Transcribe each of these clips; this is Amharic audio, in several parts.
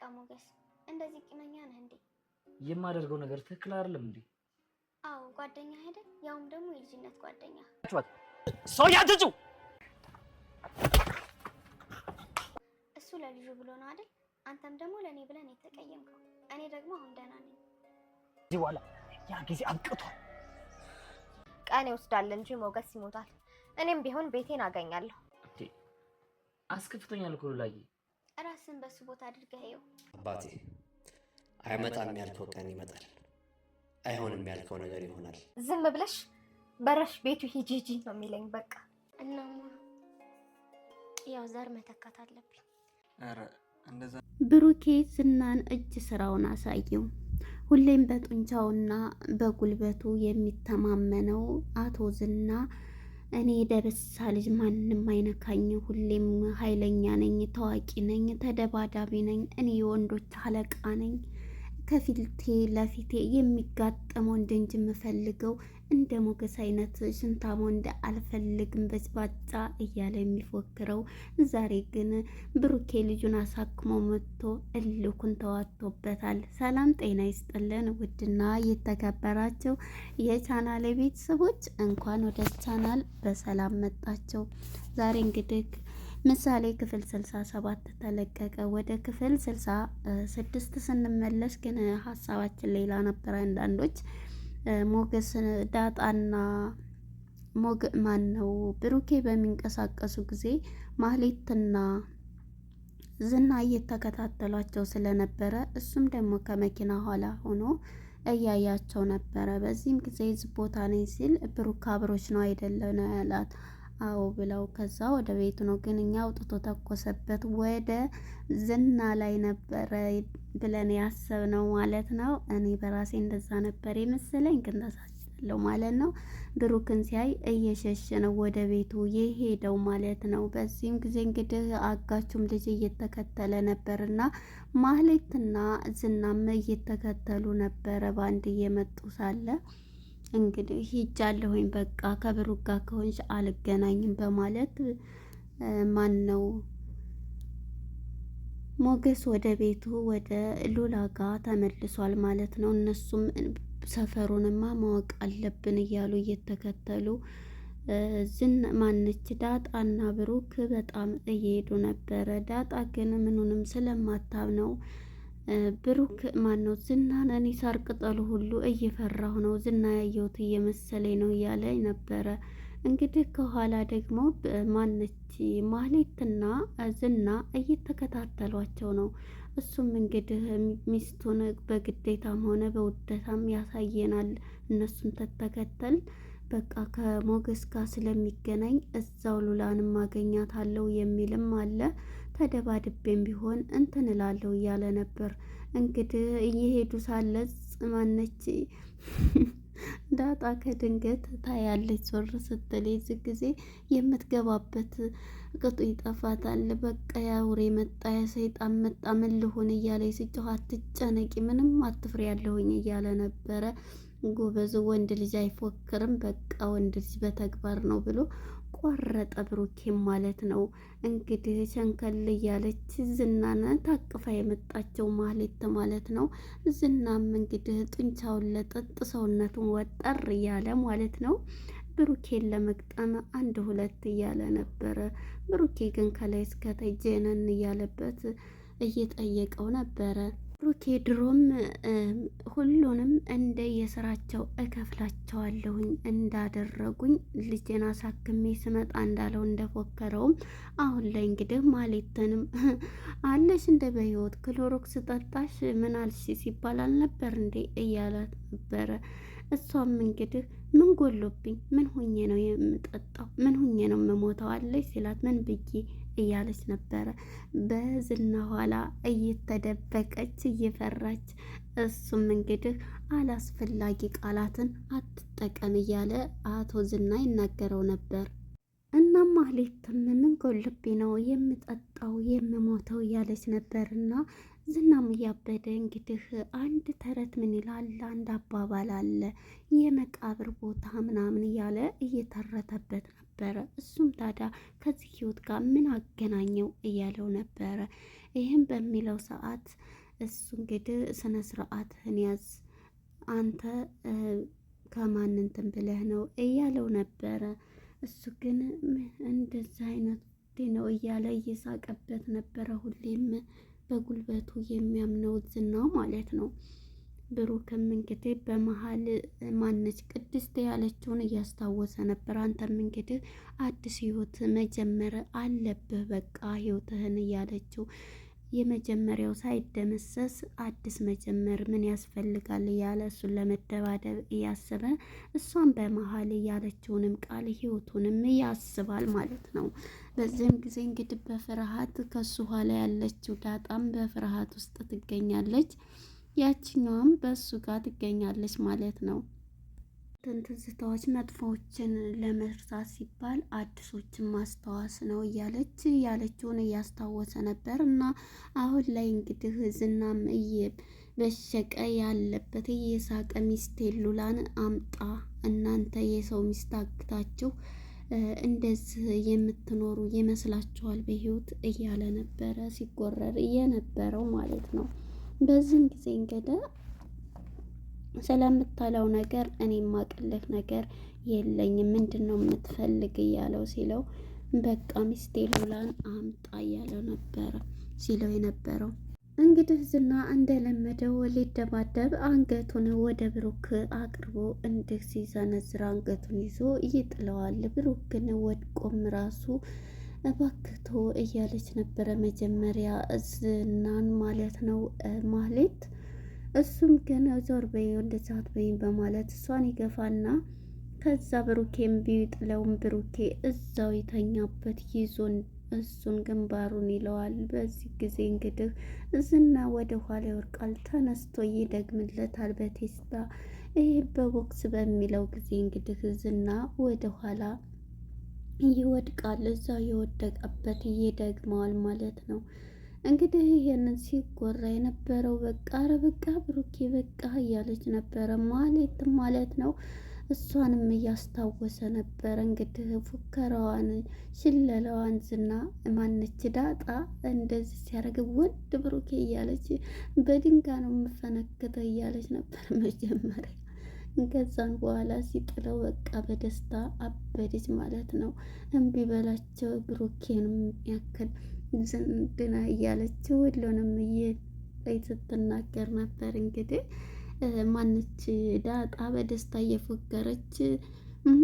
በቃ ሞገስ፣ እንደዚህ ቂመኛ ነህ እንዴ? የማደርገው ነገር ትክክል አይደለም እንዴ? አዎ ጓደኛ አይደል? ያውም ደግሞ የልጅነት ጓደኛ ሰው ያትጩ እሱ ለልጁ ብሎ ነው አይደል? አንተም ደግሞ ለእኔ ብለን የተቀየምከው። እኔ ደግሞ አሁን ደህና ነኝ። እዚህ በኋላ ያ ጊዜ አብቅቷል። ቀን ይወስዳል እንጂ ሞገስ ይሞታል። እኔም ቢሆን ቤቴን አገኛለሁ። አስከፍቶኛል እኮ ሉላዬ ራስን በሱ ቦታ አድርገህ አባቴ አይመጣም ያልከው ቀን ይመጣል፣ አይሆንም ያልከው ነገር ይሆናል። ዝም ብለሽ በረሽ ቤቱ ሂጂ ሂጂ ነው የሚለኝ በቃ። እናማ ያው ዘር መተካት አለብኝ። ብሩኬ ዝናን እጅ ስራውን አሳየው። ሁሌም በጡንቻውና በጉልበቱ የሚተማመነው አቶ ዝና እኔ ደበሳ ልጅ ማንም አይነካኝ፣ ሁሌም ኃይለኛ ነኝ፣ ታዋቂ ነኝ፣ ተደባዳቢ ነኝ፣ እኔ የወንዶች አለቃ ነኝ ከፊቴ ለፊቴ የሚጋጠመው ወንድ እንጂ የምፈልገው እንደ ሞገስ አይነት ሽንታሞ እንደ አልፈልግም በዝባጫ እያለ የሚፎክረው ዛሬ ግን ብሩኬ ልጁን አሳክሞ መጥቶ እልኩን ተዋቶበታል። ሰላም ጤና ይስጥልን ውድና የተከበራቸው የቻናል ቤተሰቦች እንኳን ወደ ቻናል በሰላም መጣቸው። ዛሬ እንግዲህ ምሳሌ ክፍል ሰባት ተለቀቀ። ወደ ክፍል ስድስት ስንመለስ ግን ሀሳባችን ሌላ ነበር። አንዳንዶች ሞገስ ዳጣና ሞግ ማን ነው ብሩኬ በሚንቀሳቀሱ ጊዜ ማህሌትና ዝና እየተከታተሏቸው ስለነበረ እሱም ደግሞ ከመኪና ኋላ ሆኖ እያያቸው ነበረ። በዚህም ጊዜ ዝቦታ ነኝ ሲል ብሩክ አብሮች ነው አይደለ ነው ያላት። አዎ ብለው ከዛ ወደ ቤቱ ነው። ግን እኛ አውጥቶ ተኮሰበት ወደ ዝና ላይ ነበረ ብለን ያሰብነው ማለት ነው። እኔ በራሴ እንደዛ ነበር የመሰለኝ፣ ግን ተሳስቻለሁ ማለት ነው። ብሩክን ሲያይ እየሸሸ ነው ወደ ቤቱ የሄደው ማለት ነው። በዚህም ጊዜ እንግዲህ አጋቹም ልጅ እየተከተለ ነበርና ማህሌትና ዝናም እየተከተሉ ነበረ በአንድ እየመጡ ሳለ እንግዲህ ሂጃለሁኝ በቃ ከብሩ ጋር ከሆንሽ አልገናኝም በማለት ማን ነው ሞገስ ወደ ቤቱ ወደ ሉላ ጋር ተመልሷል ማለት ነው። እነሱም ሰፈሩንማ ማወቅ አለብን እያሉ እየተከተሉ ዝን ማነች ዳጣና ብሩክ በጣም እየሄዱ ነበረ። ዳጣ ግን ምኑንም ስለማታብ ነው ብሩክ ማን ነው ዝናን እኔ ሳር ቅጠሉ ሁሉ እየፈራሁ ነው ዝና ያየሁት እየመሰለኝ ነው እያለ ነበረ። እንግዲህ ከኋላ ደግሞ ማነች ማህሌትና ዝና እየተከታተሏቸው ነው። እሱም እንግዲህ ሚስቱን በግዴታም ሆነ በውደታም ያሳየናል እነሱን ተተከተል በቃ ከሞገስ ጋር ስለሚገናኝ እዛው ሉላንም አገኛታለሁ የሚልም አለ። ተደባድቤም ቢሆን እንትን እላለሁ እያለ ነበር። እንግዲህ እየሄዱ ሳለ ጽማነች ዳጣ ከድንገት ታያለች ዞር ስትል፣ ዚህ ጊዜ የምትገባበት ቅጡ ይጠፋታል። በቃ ያውሬ መጣ፣ ያ ሰይጣን መጣ፣ ምን ልሆን እያለ ስጮህ አትጨነቂ፣ ምንም አትፍሪ ያለሁኝ እያለ ነበረ። ጎበዙ ወንድ ልጅ አይፎክርም፣ በቃ ወንድ ልጅ በተግባር ነው ብሎ ቆረጠ ብሩኬም ማለት ነው። እንግዲህ ሸንከል እያለች ዝናን ታቅፋ የመጣቸው ማህሌት ማለት ነው። ዝናም እንግዲህ ጡንቻውን ለጠጥ ሰውነቱን ወጠር እያለ ማለት ነው። ብሩኬን ለመግጠም አንድ ሁለት እያለ ነበረ። ብሩኬ ግን ከላይ እስከታይ ጀነን እያለበት እየጠየቀው ነበረ። ብሩኬ ድሮም ሁሉንም እንደ የስራቸው እከፍላቸዋለሁኝ እንዳደረጉኝ ልጄን አሳክሜ ስመጣ እንዳለው እንደፎከረውም አሁን ላይ እንግዲህ ማሌትንም አለሽ እንደ በህይወት ክሎሮክስ ጠጣሽ ምናልሽ ሲባል አልነበር እንዴ እያላት ነበረ እሷም እንግዲህ ምን ጎሎብኝ፣ ምን ሁኜ ነው የምጠጣው፣ ምን ሁኜ ነው የምሞተው አለች ሲላት ምን ብዬ እያለች ነበረ። በዝና ኋላ እየተደበቀች እየፈራች፣ እሱም እንግዲህ አላስፈላጊ ቃላትን አትጠቀም እያለ አቶ ዝና ይናገረው ነበር። እናም ማህሌትም ምን ጎሎብኝ ነው የምጠጣው የምሞተው እያለች ነበርና ዝናም እያበደ እንግዲህ አንድ ተረት ምን ይላል፣ አንድ አባባል አለ የመቃብር ቦታ ምናምን እያለ እየተረተበት ነበረ። እሱም ታዲያ ከዚህ ህይወት ጋር ምን አገናኘው እያለው ነበረ። ይህም በሚለው ሰዓት እሱ እንግዲህ ስነ ስርዓትህን ያዝ አንተ ከማን እንትን ብለህ ነው እያለው ነበረ። እሱ ግን እንደዚህ አይነት ነው እያለ እየሳቀበት ነበረ ሁሌም በጉልበቱ የሚያምነው ዝናው ማለት ነው። ብሩክም እንግዲህ በመሀል ማነች ቅድስት ያለችውን እያስታወሰ ነበር። አንተም እንግዲህ አዲስ ህይወት መጀመር አለብህ በቃ ህይወትህን እያለችው የመጀመሪያው ሳይደመሰስ አዲስ መጀመር ምን ያስፈልጋል እያለ እሱን ለመደባደብ እያሰበ እሷን በመሀል እያለችውንም ቃል ህይወቱንም ያስባል ማለት ነው። በዚህም ጊዜ እንግዲህ በፍርሃት ከሱ ኋላ ያለችው ዳጣም በፍርሃት ውስጥ ትገኛለች፣ ያችኛዋም በእሱ ጋር ትገኛለች ማለት ነው። ትንትዝታዎች መጥፎዎችን ለመርሳት ሲባል አዲሶችን ማስታወስ ነው እያለች ያለችውን እያስታወሰ ነበር። እና አሁን ላይ እንግዲህ ዝናም እየበሸቀ ያለበት እየሳቀ ሚስቴ ሉላን አምጣ እናንተ የሰው ሚስት አግታችሁ እንደዚህ የምትኖሩ ይመስላችኋል በህይወት እያለ ነበረ ሲጎረር የነበረው ማለት ነው። በዚህም ጊዜ እንግዲህ ስለምታለው ነገር እኔ የማቅልህ ነገር የለኝም፣ ምንድን ነው የምትፈልግ እያለው ሲለው በቃ ሚስቴ ሎላን አምጣ እያለው ነበረ ሲለው የነበረው እንግዲህ ዝና እንደለመደው ሊደባደብ አንገቱን ወደ ብሩክ አቅርቦ እንዲህ ሲዘነዝር አንገቱን ይዞ ይጥለዋል። ብሩክን ወድቆም ራሱ እባክቶ እያለች ነበረ መጀመሪያ ዝናን ማለት ነው ማለት። እሱም ግን ዞር በይ ወደ እንደዚያ በይ በማለት እሷን ይገፋና ከዛ ብሩኬም ቢጥለውም ብሩኬ እዛው የተኛበት ይዞን እሱን ግንባሩን ይለዋል። በዚህ ጊዜ እንግዲህ ዝና ወደ ኋላ ይወርቃል። ተነስቶ ይደግምለታል በቴስታ ይህ በቦክስ በሚለው ጊዜ እንግዲህ ዝና ወደ ኋላ ይወድቃል። እዛው የወደቀበት ይደግመዋል ማለት ነው። እንግዲህ ይሄንን ሲጎራ የነበረው በቃ ኧረ በቃ ብሩኬ በቃ እያለች ነበረ ማለት ማለት ነው። እሷንም እያስታወሰ ነበረ እንግዲህ ፉከራዋን፣ ሽለላዋን ዝና ማነች ዳጣ እንደዚህ ሲያደርግ ወድ ብሩኬ እያለች በድንጋ ነው የምፈነክተው እያለች ነበር መጀመሪያ። ከዛን በኋላ ሲጥለው በቃ በደስታ አበደች ማለት ነው። እምቢ በላቸው ብሩኬን ያክል ዝንድና እያለች ሁሉንም እየጠይ ስትናገር ነበር። እንግዲህ ማነች ዳጣ በደስታ እየፎገረች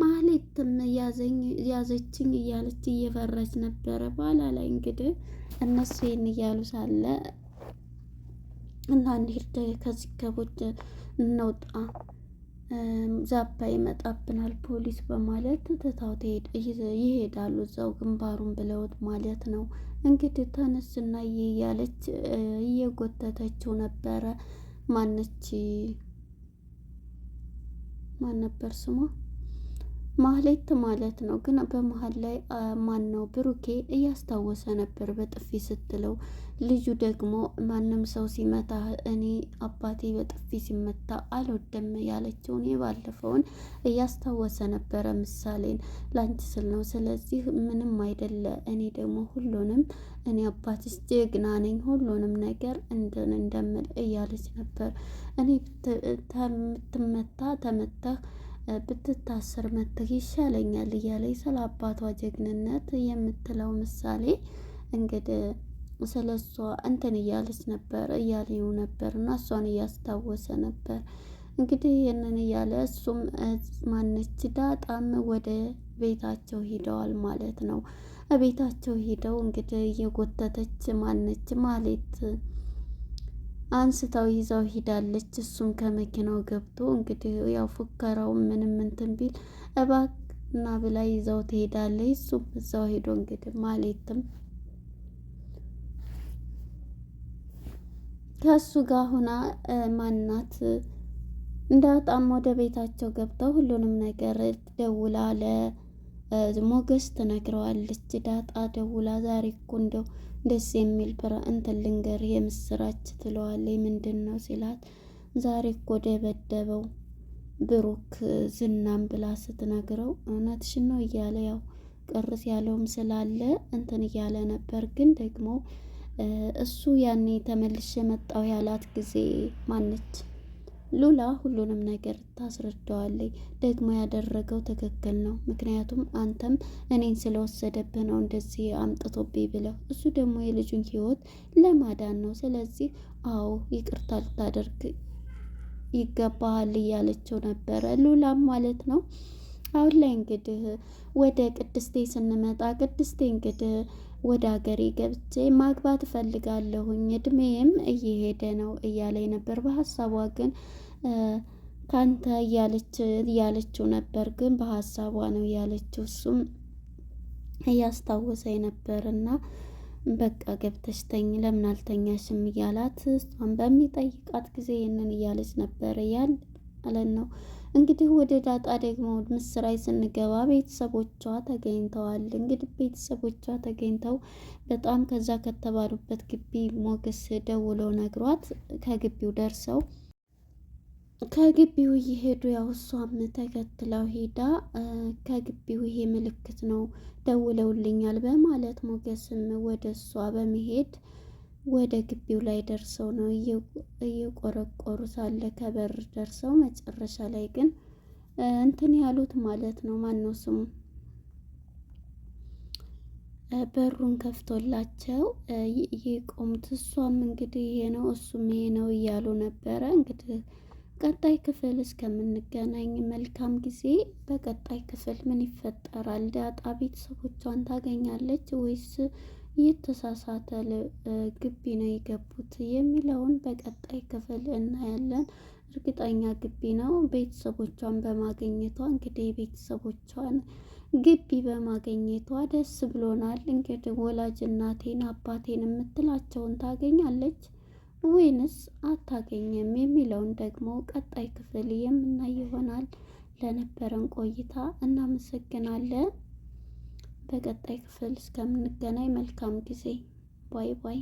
ማህሌትም ያዘችኝ እያለች እየፈራች ነበረ። በኋላ ላይ እንግዲህ እነሱ ይህን እያሉ ሳለ እና እንሂድ ከዚህ ከቦች እንውጣ ዛፓ ይመጣብናል ፖሊስ በማለት ትታው ይሄዳሉ። እዛው ግንባሩን ብለውት ማለት ነው። እንግዲህ ተነስና እያለች እየጎተተችው ነበረ። ማነች ማን ነበር ስሟ? ማህሌት ማለት ነው። ግን በመሀል ላይ ማን ነው ብሩኬ እያስታወሰ ነበር በጥፊ ስትለው ልጁ ደግሞ ማንም ሰው ሲመታ እኔ አባቴ በጥፊ ሲመታ አልወድም ያለችውን የባለፈውን እያስታወሰ ነበረ። ምሳሌን ላንቺ ስል ነው፣ ስለዚህ ምንም አይደለ። እኔ ደግሞ ሁሉንም እኔ አባትሽ ጀግና ነኝ፣ ሁሉንም ነገር እንድን እንደምል እያለች ነበር። እኔ ተምትመታ ተመታህ ብትታስር መተህ ይሻለኛል እያለች ስለ አባቷ ጀግንነት የምትለው ምሳሌ እንግዲህ ስለ እሷ እንትን እያለች ነበር እያለው ነበር እና እሷን እያስታወሰ ነበር። እንግዲህ ይህንን እያለ እሱም ማነች ዳጣም ወደ ቤታቸው ሂደዋል ማለት ነው። ቤታቸው ሂደው እንግዲህ እየጎተተች ማነች ማለት አንስታው ይዛው ሂዳለች። እሱም ከመኪናው ገብቶ እንግዲህ ያው ፉከራው ምንም እንትን ቢል እና ብላ ይዘው ትሄዳለች። እሱም እዛው ሄዶ እንግዲህ ማለትም ከእሱ ጋር ሆና ማናት እንዳጣም ወደ ቤታቸው ገብተው ሁሉንም ነገር ደውላ ለሞገስ ትነግረዋለች። ዳጣ ደውላ ዛሬ እኮ እንደው ደስ የሚል ብራ እንትን ልንገር የምስራች ትለዋለች። ምንድን ነው ሲላት ዛሬ እኮ ደበደበው ብሩክ ዝናም ብላ ስትነግረው እውነትሽን ነው እያለ ያው ቅርስ ያለውም ስላለ እንትን እያለ ነበር ግን ደግሞ እሱ ያኔ ተመልሼ መጣሁ ያላት ጊዜ ማነች ሉላ ሁሉንም ነገር ታስረዳዋለች። ደግሞ ያደረገው ትክክል ነው፣ ምክንያቱም አንተም እኔን ስለወሰደብህ ነው እንደዚህ አምጥቶብኝ ብለው፣ እሱ ደግሞ የልጁን ሕይወት ለማዳን ነው። ስለዚህ አዎ ይቅርታ ልታደርግ ይገባሃል እያለችው ነበረ ሉላም ማለት ነው። አሁን ላይ እንግዲህ ወደ ቅድስቴ ስንመጣ ቅድስቴ እንግዲህ ወደ ሀገሬ ገብቼ ማግባት እፈልጋለሁኝ እድሜም እየሄደ ነው እያለ ነበር። በሀሳቧ ግን ካንተ እያለች እያለችው ነበር፣ ግን በሀሳቧ ነው እያለችው። እሱም እያስታወሰ ነበር እና በቃ ገብተሽ ተኝ ለምን አልተኛሽም እያላት እሷን በሚጠይቃት ጊዜ ይህንን እያለች ነበር እያል አለን ነው እንግዲህ ወደ ዳጣ ደግሞ ምስራይ ስንገባ ቤተሰቦቿ ተገኝተዋል። እንግዲህ ቤተሰቦቿ ተገኝተው በጣም ከዛ ከተባሉበት ግቢ ሞገስ ደውሎ ነግሯት ከግቢው ደርሰው ከግቢው እየሄዱ ያው እሷም ተከትለው ሄዳ ከግቢው ይሄ ምልክት ነው ደውለውልኛል በማለት ሞገስም ወደ እሷ በመሄድ ወደ ግቢው ላይ ደርሰው ነው እየቆረቆሩ ሳለ ከበር ደርሰው መጨረሻ ላይ ግን እንትን ያሉት ማለት ነው። ማን ነው ስሙ? በሩን ከፍቶላቸው የቆሙት እሷም እንግዲህ ይሄ ነው እሱም ይሄ ነው እያሉ ነበረ። እንግዲህ ቀጣይ ክፍል እስከምንገናኝ መልካም ጊዜ። በቀጣይ ክፍል ምን ይፈጠራል? ዳጣ ቤተሰቦቿን ታገኛለች ወይስ የተሳሳተ ግቢ ነው የገቡት የሚለውን በቀጣይ ክፍል እናያለን። እርግጠኛ ግቢ ነው። ቤተሰቦቿን በማገኘቷ እንግዲህ ቤተሰቦቿን ግቢ በማገኘቷ ደስ ብሎናል። እንግዲህ ወላጅ እናቴን አባቴን የምትላቸውን ታገኛለች ወይንስ አታገኘም የሚለውን ደግሞ ቀጣይ ክፍል የምናይ ይሆናል። ለነበረን ቆይታ እናመሰግናለን። በቀጣይ ክፍል እስከምንገናኝ መልካም ጊዜ። ባይ ባይ።